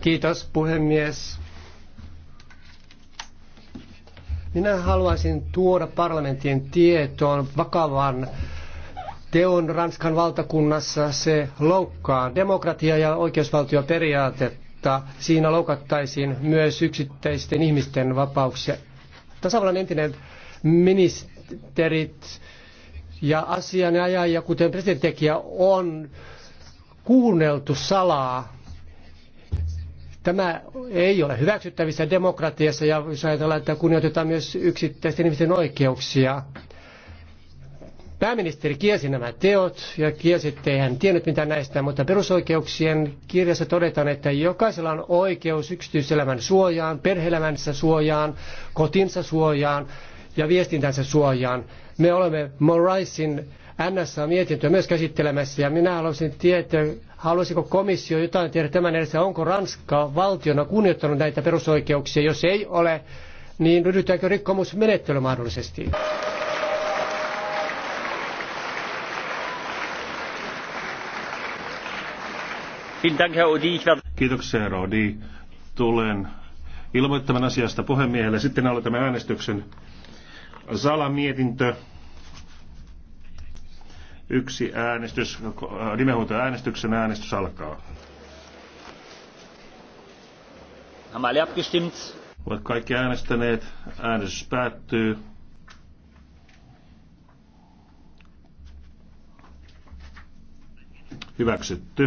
Kiitos puhemies. Minä haluaisin tuoda parlamentin tietoon vakavan teon Ranskan valtakunnassa. Se loukkaa demokratiaa ja oikeusvaltioperiaatetta. Siinä loukattaisiin myös yksittäisten ihmisten vapauksia. Tasavallan entinen ministerit ja asianajaja, kuten presidenttiä, on kuunneltu salaa Tämä ei ole hyväksyttävissä demokratiassa ja jos ajatellaan, että kunnioitetaan myös yksittäisten ihmisten oikeuksia. Pääministeri kielsi nämä teot ja kielsi, ettei hän tiennyt mitään näistä, mutta perusoikeuksien kirjassa todetaan, että jokaisella on oikeus yksityiselämän suojaan, perheelämänsä suojaan, kotinsa suojaan ja viestintänsä suojaan. Me olemme Moraisin NSA-mietintöä myös käsittelemässä ja minä haluaisin tietää, haluaisiko komissio jotain tehdä tämän edessä, onko Ranska valtiona kunnioittanut näitä perusoikeuksia, jos ei ole, niin ryhdytäänkö rikkomusmenettely mahdollisesti? Kiitoksia, herra Tulen ilmoittamaan asiasta puhemiehelle. Sitten aloitamme äänestyksen. Sala mietintö Yksi äänestys, äänestyksen äänestys alkaa. Olet kaikki äänestäneet. Äänestys päättyy. Hyväksytty.